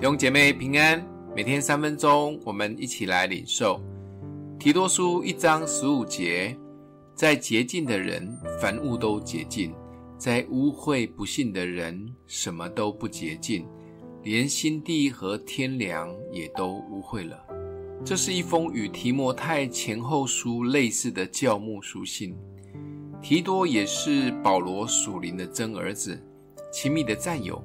弟兄姐妹平安，每天三分鐘，我們一起來領受提多書一章十五節：在潔淨的人，凡物都潔淨；在污穢不信的人，什麼都不潔淨，連心地和天良也都污穢了。這是一封與提摩太前後書類似的教牧書信。提多也是保羅屬靈的真兒子，親密的戰友。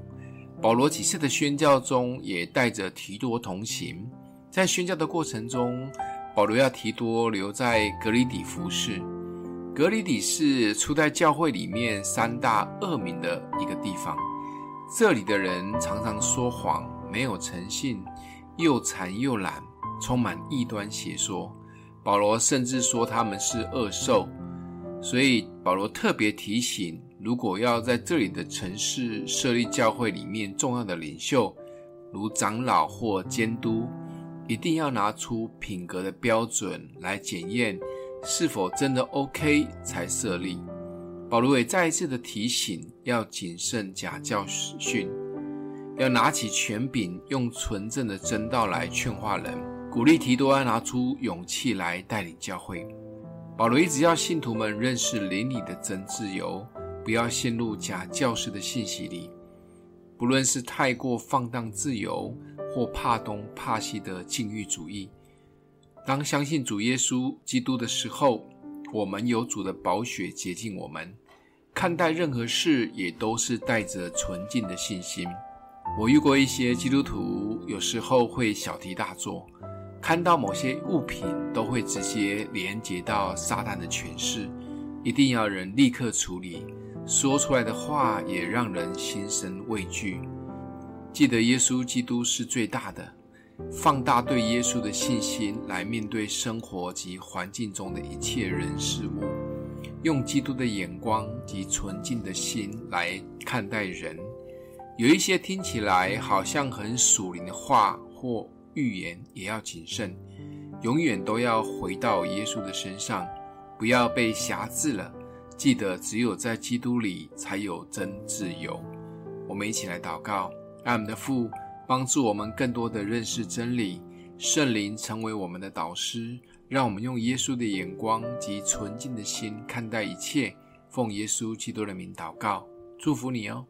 保羅幾次的宣教中，也帶着提多同行。在宣教的過程中，保羅要提多留在革哩底服侍。革哩底是初代教會裡面三大惡名的一個地方。這裡的人常常說謊，沒有誠信，又饞又懶，充滿異端邪說。保羅甚至說他們是惡獸。所以保羅特別提醒，如果要在這裡的城市設立教會裡面重要的領袖，如長老或監督，一定要拿出品格的標準來檢驗，是否真的 OK 才設立。保羅也再一次的提醒，要謹慎假教訓，要拿起權柄，用純正的真道來勸化人，鼓勵提多啊，拿出勇氣來帶領教會。保羅一直要信徒們認識靈裡的真自由，不要陷入假教師的信息裡。不論是太過放蕩自由，或怕東怕西的禁欲主義。當相信主耶穌基督的時候，我們有主的寶血潔淨我們，看待任何事也都是帶着純淨的信心。我遇過一些基督徒，有時候會小題大做。看到某些物品都會直接連接到撒旦的權勢，一定要人立刻處理。說出來的話也讓人心生畏懼。記得耶穌基督是最大的，放大對耶穌的信心來面對生活及環境中的一切人事物，用基督的眼光及純淨的心來看待人。有一些聽起來好像很屬靈的話或。預言也要謹慎，永遠都要回到耶穌的身上，不要被挾制了。記得，只有在基督裡才有真自由。我們一起來禱告：愛我們的父，幫助我們更多的認識真理，聖靈成為我們的導師，讓我們用耶穌的眼光及純淨的心看待一切。奉耶穌基督的名禱告，祝福你哦。